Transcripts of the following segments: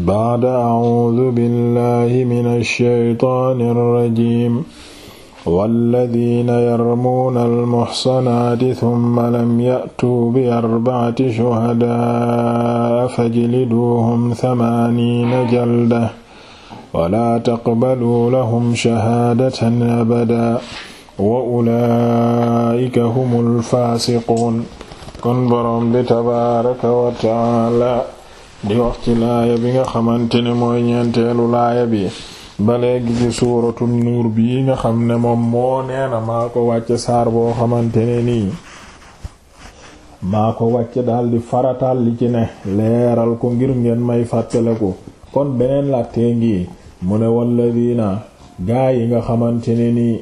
baada acuudu billahi min alshaytaani alrajim walladina yarmuuna almuxsanaati tumma lam ya'tuu bi arbacati shuhadaa fajliduuhum tamaaniina jalda walaa taqbaluu lahum shahaadatan abada wa ulaa'ika humul faasiquun kon boroom bi tabaaraka wa tacaala di wax ci laaya bi nga xamante ne mooy ñeenteelu laaya bi ba léegi ci suuratu nuur bii nga xam ne moom moo nee na maa ko wàcce saar boo xamante ne nii maa ko wàcce daldi faratal li ci ne leeral ko ngir ngeen may ko kon beneen làttee ngi mu ne walladina gaa yi nga xamante ne nii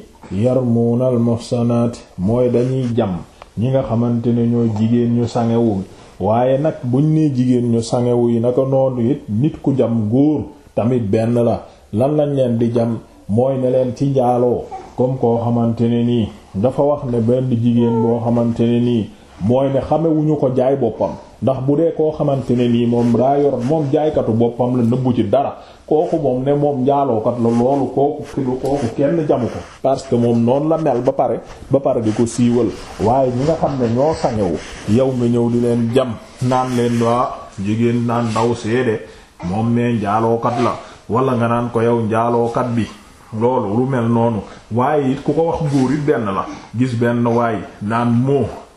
yarmuunal muhsanaat mooy dañuy jam ñi nga xamante ne ñooy jigéen ñu sangewul waaye nag buñ nee jigéen ñu sangewu yi naka noonu it nit ku jam góor tamit benn la lan lañ leen di jam mooy ne leen ci njaaloo comme koo xamante ne nii dafa wax ne benn jigéen boo xamante ne nii mooy ne xamewuñu ko jaay boppam ndax bu dee koo xamante ne nii moom daa yoroon moom jaaykatu boppam la nëbbu ci dara kooku moom ne moom njaalookat la loolu kooku kooku kenn jamu ko parce que moom noonu la mel ba pare ba pare di ko siiwal waaye ñi nga xam ne ñoo sañewu yow nga ñëw di leen jam naan leen waa ah, jigéen naan ndaw seede moom ne njaalookat la wala nga naan ko yow njaalookat bi loolu lu mel noonu waaye it ku ko wax góor it benn la gis benn waay naan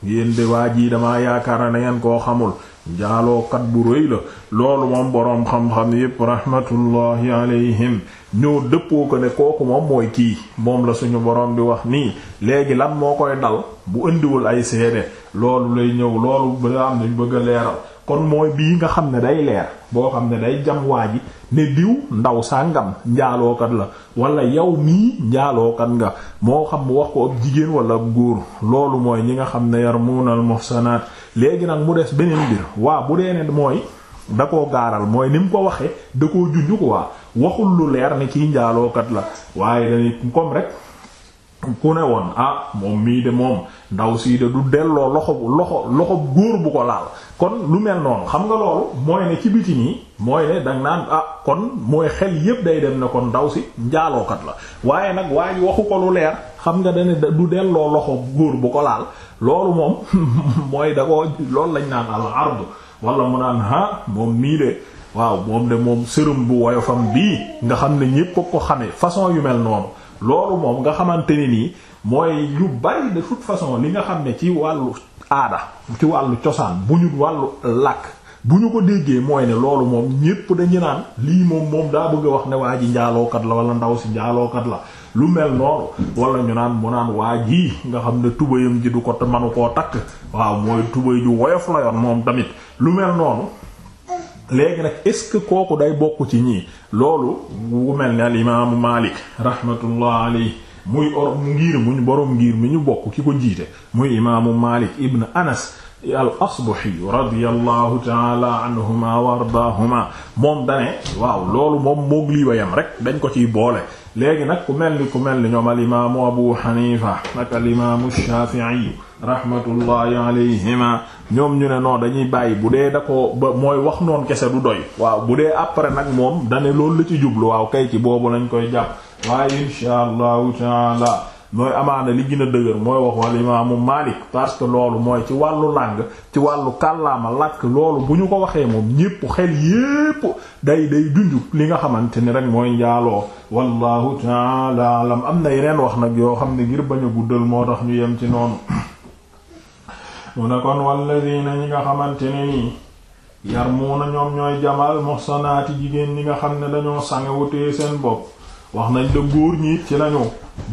yéen de waa jii damaa yaakaar na ngeen koo xamul njaalookat bu rëy la loolu moom boroom xam-xam yépp rahmatullahi alayhim ñoo dëppoo ko ne kooku moom mooy kii moom la suñu boroom bi wax nii léegi lan moo koy dal bu indiwul ay seede loolu lay ñëw loolu ba am nañ bëgg a leeral kon mooy bii nga xam ne day leer boo xam ne day jam waa ji ne diw ndaw sàngam njaalookat la wala yow mii njaalookat nga moo xam mu wax ko ab jigéen wala ab góor loolu mooy ñi nga xam ne yarmuunal muhsanaat léegi nag mu des beneen mbir waa bu dee ne mooy da koo gaaral mooy ni mu ko waxe da koo junj ko waa waxul lu leer ne kii njaalookat la waaye dañuy comme rek ku ne woon a ah, moom mii de moom ndaw sii de du delloo loxo loxo loxo góor bu ko laal kon lu mel noonu xam nga loolu mooy ne ci biti yi mooy ne danga naan ah kon mooy xel yépp day dem ne kon ndaw si njaalookat la waaye nag waa waxu ko lu leer xam nga dane du delloo loxo góor bu ko laal loolu moom mooy da loolu lañ naan al ard wala mu naan ha moom mii waaw moom de moom sërëm bu woyofam bii nga xam ne ñépp ko xame façon yu mel noonu loolu moom nga xamante ne nii mooy yu bari de toute façon li nga xam ne ci wàllu aada ci wàllu cosaan bu ñu wàllu làkk bu ñu ko déggee mooy ne loolu moom ñépp dañu naan lii moom moom daa bëgg wax ne waa ji njaalookat la wala ndaw si njaalookat la lu mel noonu wala ñu naan mu naan waa ji nga xam ne tubayam ji du ko manu koo takk waaw mooy tubay ju woyof la yoon moom tamit lu mel noonu léegi nag est ce que kooku day bokk ci ñii loolu bu mel ne al imaamu Maalik rahmatullah alayhi muy or ngir muñ borom ngir mi ñu bokk ki ko jiite muy imaamu Maalik ibn Anas al-Asbahi radiyallahu taala anhuma wa ardaahuma moom dane waaw loolu moom moog lii ba yem rek dañ ko ciy boole léegi nag ku mel ni ku mel ni ñoom alimaamu Abu Hanifa ak alimaamu Shaafi'i rahmatullahi alayhima ñoom ñu ne non dañuy bàyyi bu dee da ko ba mooy wax noon kese du doy waaw bu dee après nag moom dane loolu la ci jublu waaw kay ci boobu lañ koy jàpp waaye insha allahu taala mooy amaana li gën dëgër mooy wax wal imaamu Maalik parce que loolu mooy ci wàllu langue ci wàllu kàllaama làkk loolu bu ñu ko waxee moom ñépp xel yépp day day dunju li nga xamante ni rek mooy njaaloo wallahu taala alam am na yeneen wax nag yoo xam ne ngir bañ a guddal moo tax ñu yem ci noonu mu ne kon walladina ñi nga xamante ne nii yar muuna ñoom ñooy jamal muhsanaati jigéen ñi nga xam ne dañoo sangewutee seen bopp wax nañ la góor ñi ci lañu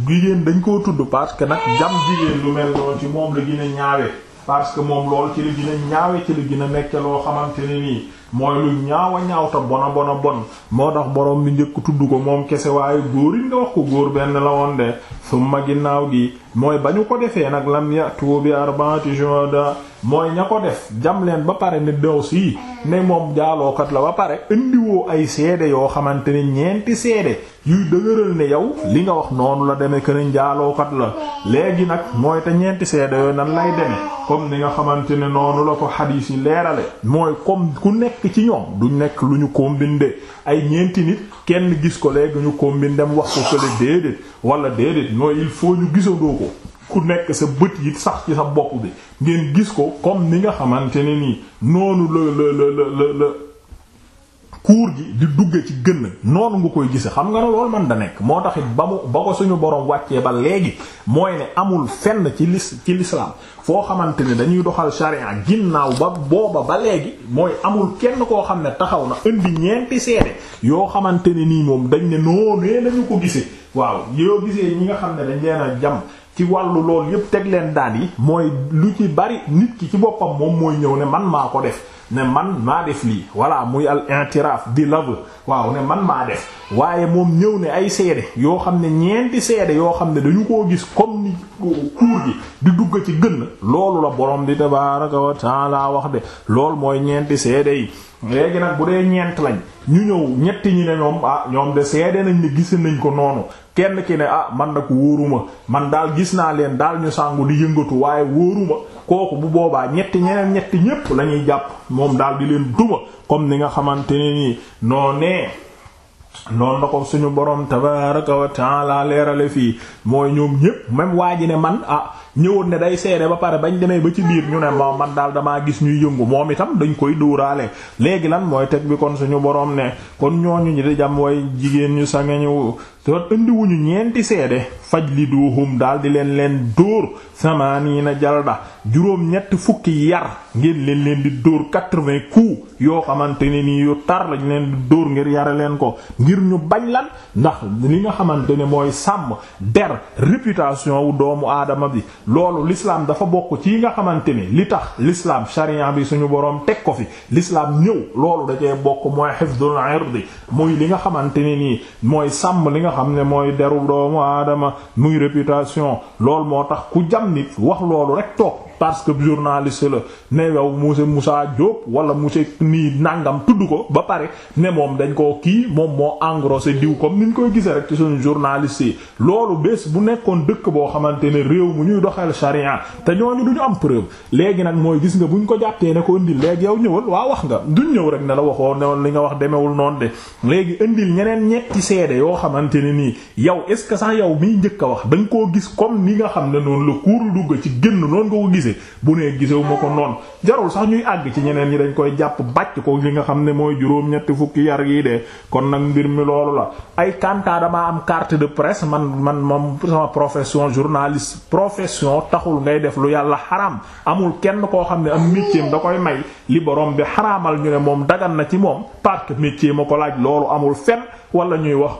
jigéen dañ koo tudd parce que nag jam jigéen lu mel noonu ci moom la gën a ñaawe parce que moom lool ci la gën a ñaawe ci la gën a nekk loo xamante ne nii mooy lu ñaawa ñaaw a bona bona bon moo tax boroom bi njëkk tudd ko moom kese waaye góorin nga wax ko góor benn la woon de summa ginnaaw gi mooy ba ñu ko defee nag lam yatu bi arba'ati shuhada mooy ña ko def jam leen ba pare ne dow sii ne moom jaalookat la ba pare indiwoo ay seede yoo xamante ne ñeenti seede yuy dëgëral ne yow li nga wax noonu la demee que ne jaalookat la léegi nag mooy te ñeenti seede yooyu nan lay deme comme ni nga xamante ne noonu la ko xadiis yi leerale nekk ci ñoom du nekk lu ñu combiner ay ñeenti nit kenn gis ko léegi ñu combiner dem wax ko kële déedéet wala déedéet nooy il faut ñu gisandoo ko ku nekk sa bët yi sax ci sa bopp bi ngeen gis ko comme ni nga xamante ne nii noonu la la la la la. kuur gi di dugge ci gën noonu nga koy gisee xam nga ne loolu man da nekk moo taxit ba mu ba ko suñu boroom wàccee ba léegi mooy ne amul fenn ci lis ci lislaam foo xamante ne dañuy doxal sharia ginnaaw ba booba ba léegi mooy amul kenn koo xam ne taxaw na indi ñeenti seede yoo xamante ni nii moom dañ ne noonee lañu ko gisee waaw yoo gisee ñi nga xam ne dañ leen a jam ci wàllu lool yépp teg leen daan yi mooy lu ci bari nit ki ci boppam moom mooy ñëw ne man maa ko def ne man maa def lii voilà muy al intiraaf di lave waaw ne man maa def waaye moom ñëw ne ay seede yoo xam ne ñeenti seede yoo xam ne dañu koo gis comme ni kuur gi di dugg ci gën loolu la borom di tabaaraka wa laa wax de loolu mooy ñeenti seede yi léegi nag bu dee ñeent lañ ñu ñëw ñetti ñi ne ñoom ah ñoom de seede nañ ne gis nañ ko noonu kenn ki ne ah man nag wóoruma man daal gis naa leen daal ñu sàngu di yëngatu waaye wóoruma kooku bu boobaa ñetti ñeneen ñetti ñépp lañuy jàpp moom daal di leen duma comme ni nga xamante ne nii noo nee noonu la ko suñu borom tabaaraka wa taala leerale fii mooy ñoom ñépp même waa ne man ah. ñëwoon ne day seere ba pare bañ demee ba ci biir ñu ne moom man daal damaa gis ñuy yëngu moom itam dañu koy dóoraale léegi lan mooy teg bi kon suñu borom ne kon ñooñu ñi di jam way jigéen ñu sangañu doon indiwuñu ñeenti seede fajliduhum daal di leen leen dóor samaniina jalda juróom ñetti fukki yar ngeen leen leen di dóor quatre-vingts coups yoo xamante ne nii yu tar lañ leen di dóor ngir yare leen ko ngir ñu bañ lan ndax li nga xamante ne mooy sàmm der réputation wu doomu aadama bi loolu lislaam dafa bokk ci yi nga xamante ne li tax lislaam charia bi suñu boroom teg ko fi lislaam ñëw loolu da bokk mooy hifdul irdi muy li nga xamante ne nii mooy nga xam ne mooy deru doomu aadama muy réputation loolu moo tax ku jam nit wax loolu rek toog parce que journaliste la ne yow monsieur Moussa Diop wala monsieur nii nangam tudd ko ba pare ne moom dañ koo kii moom moo se diw comme ni ñu koy gisee rek ci suñu journaliste yi loolu bés bu nekkoon dëkk boo xamante ne réew mu ñuy doxal charia te ñooñu duñu am preuve léegi nag mooy gis nga buñ ko jàppee ne ko indil léegi yow ñëwal waa wax nga ñëw rek ne la waxoo newoon li nga wax demewul noonu de léegi indil ñeneen ñetti seede yoo xamante ne nii yow est ce que sax yow miy njëkk a wax da koo gis comme ni nga xam ne noonu la kuuru dugg ci génn noonu nga ko gisee gisee bu nee gisewu ma ko noonu jarul sax ñuy àgg ci ñeneen ñi dañ koy jàpp bàcc ko li nga xam ne mooy juróom-ñetti fukki yar yi de kon nag mbir mi loolu la ay kantaa damaa am carte de presse man man moom sama profession journaliste profession taxul ngay def lu yàlla xaraam amul kenn koo xam ne am métier da koy may li borom bi xaraamal ñu ne moom dagan na ci moom parce que métier ma ko laaj loolu amul fen wala ñuy wax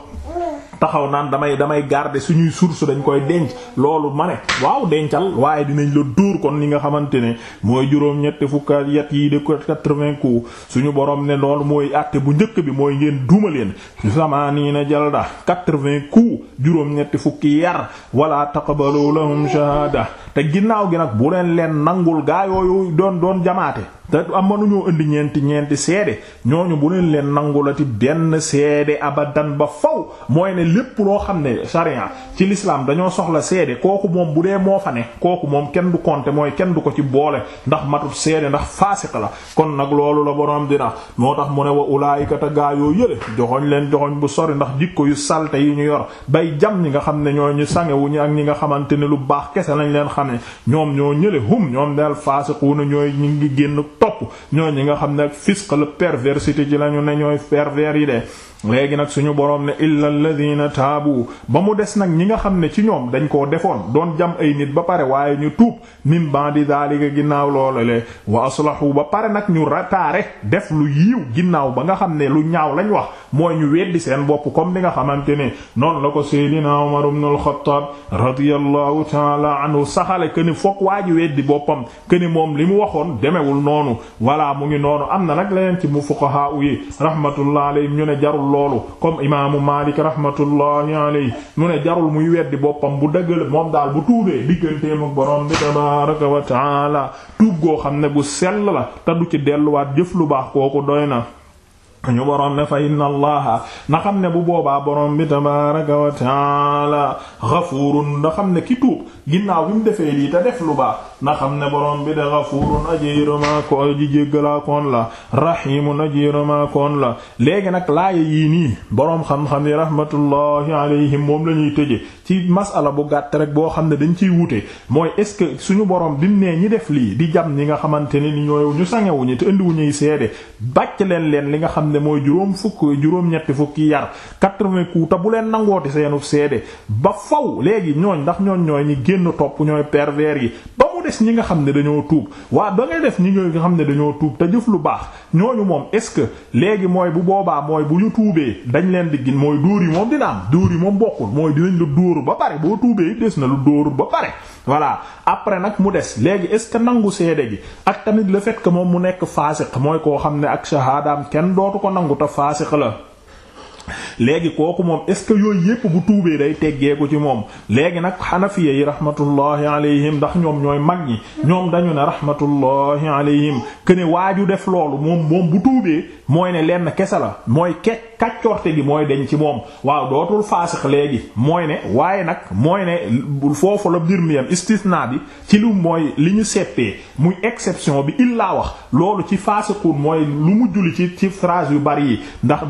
taxaw naan damay damay garder suñuy source dañ koy denc loolu ma ne waaw dencal waaye dinañ la duur kon li nga xamante ne mooy juróom-ñetti fukk yet yi de quatre-vingts coups suñu boroom ne loolu mooy àtte bu njëkk bi mooy ngeen duma leen samaaniina jalda quatre-vingts coups juróom-ñetti fukki yar wala taqbalu lahum shahada te ginnaaw gi nag bu leen leen nangul gaa yooyu doon doon jamaate te am mënuñoo indi ñeenti ñeenti seede ñooñu bu leen leen nangulati benn seede abadan ba faw mooy ne lépp loo xam ne sharia ci l'islam dañoo soxla seede kooku moom bu dee moo fa ne kooku moom kenn du compter mooy kenn du ko ci boole ndax matut seede ndax faasiq la kon nag loolu la borom dina moo tax mu ne wa ulaayika te gaa yoo yële joxoñ leen joxoñ bu sori ndax jikko yu salte yi ñu yor bay jam ñi nga xam ne ñoo ñu sangewuñu ak ñi nga xamante ne lu baax kese lañ leen xamee ñoom ñoo ñële ñoom daal faasiquuna ñooy ñu ngi génn topp ñoo ñi nga xam ne ak fisq la perversité ci lañu ne ñooy pervers yi de léegi nag suñu boroom ne illa alladhina taabu ba mu des nag ñi nga xam ne ci ñoom dañ koo defoon doon jam ay nit ba pare waaye ñu tuub min di daalika ginnaaw loola le wa aslahu ba pare nag ñu réparer def lu yiiw ginnaaw ba nga xam ne lu ñaaw lañ wax mooy ñu weddi seen bopp comme ni nga xamante ne noonu la ko Seydina Umar ibn al-Khattab radiyallahu ta'ala anhu saxale que ni fokk waa ji weddi boppam que moom li mu waxoon noonu voilà mu ngi noonu am na nag leneen ci mu fuqaha yi rahmatullah alayhim ñu ne jarul loolu comme imaamu Maalik rahmatullahi alayhi mu ne jarul muy weddi boppam bu dëggal moom daal bu tuubee digganteem ak borom bi tabaaraka wa taala tuub goo xam ne bu sell la te du ci delluwaat jëf lu baax kooku doy na ñu borom ne fa inna allaha na ne bu boobaa boroom bi tabaraka wa taala ghafuurun na xam ne ki tuub ginnaaw bi mu defee lii te def lu baax na xam ne borom bi de gafuurun ajiruma ko aji jéggalaa koon la rahimun ajiruma koon la léegi nag laaya yii nii boroom xam-xam yi rahmatullahi alayhim moom la ñuy tëje ci masala bu gàtt rek boo xam ne dañ ciy wuute mooy est-ce que suñu borom bi mu nee ñi def lii di jam ñi nga xamante ne ni ñooy ñu sangewuñu te indiwuñuy seede bàcc leen leen li nga xam ne mooy juróom fukk juróom-ñetti fukki yar quatre-vingts te bu leen nangooti seenu seede ba faw léegi ñooñ ndax ñooñ ñooy ñi génn topp ñooy pervers yi des ñi nga xam ne dañoo tuub waa ba ngay def ñi nga xam ne dañoo tuub te jëf lu baax ñooñu moom est-ce que léegi mooy bu boobaa mooy bu ñu tuubee dañ leen di gin mooy dóor yi moom dina am duur yi moom bokkul mooy dinañ lu duur ba pare boo tuubee des na lu duur ba pare voilà après nag mu des léegi est-ce que nangu seede gi ak tamit la fait moom mu nekk faasiq mooy koo xam ne ak shahaadaam kenn dootu ko nangu te faasiq la léegi kooku moom est ce que yooyu yépp bu tuubee day teggeeku ci moom léegi nag xanafiya yi rahmatullahi alayhim ndax ñoom ñooy mag ñi ñoom dañu ne rahmatullahi alayhim kene waaju def loolu moom moom bu tuubee mooy ne lenn kese la mooy kecc kaccorte gi mooy deñ ci moom waaw dootul faasix léegi mooy ne waaye nag mooy ne foofu la mbir mi yam istisna bi ci lu mooy li ñu seppee muy exception bi illaa wax loolu ci faasixuun mooy lu mu julli ci ci phrase yu bari yi ndax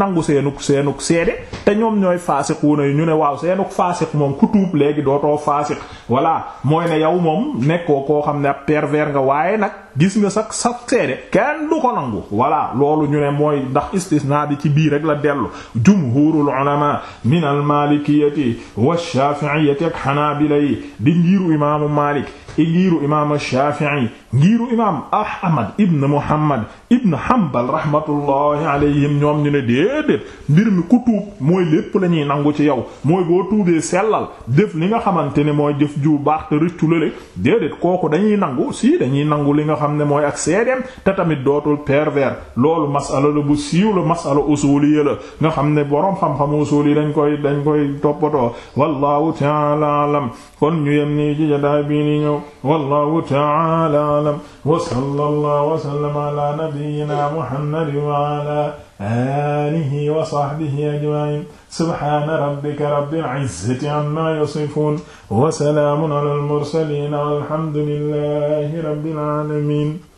nangu seenuk seenuk seede te ñoom ñooy faasiquuna yi ñu ne waaw seenuk faasiq moom ku tuub léegi dootoo faasiq voilà mooy ne yow moom nekkoo koo xam ne ab pervers nga waaye nag gis nga sax sax seede kenn du ko nangu voilà loolu ñu ne mooy ndax istisna bi ci biir rek la dellu jumhurul ulama min al malikiyati wa ak hanabila yi di imaamu Malik ngiiru imaam Shaafi'i ngiiru imaam Ahmad ibn Muhammad ibn Hanbal rahmatullahi alayhim ñoom ñu ne déedéet mbir mi ku mooy lépp la ñuy nangu ci yow mooy boo tuubee sellal def li nga xamante ne mooy jëf ju baax te rëccu lale déedéet kooku dañuy nangu si dañuy nangu li nga xam ne mooy ak seedeem te tamit dootul pervers loolu masala la bu siiw la masala usuliya la nga xam ne borom xam-xamu usul yi dañ koy dañ koy toppatoo wallahu ta'ala alam kon ñu yem ni ci jotaay bi ñëw wallahu ta'ala alam wa sallallahu wa sallama ala nabiyyina muhammad wa ala alihi wa sahbihi ajma'in subhana rabbika rabbil izzati amma yasifun wa salamun ala al mursalin walhamdulillahi rabbil alamin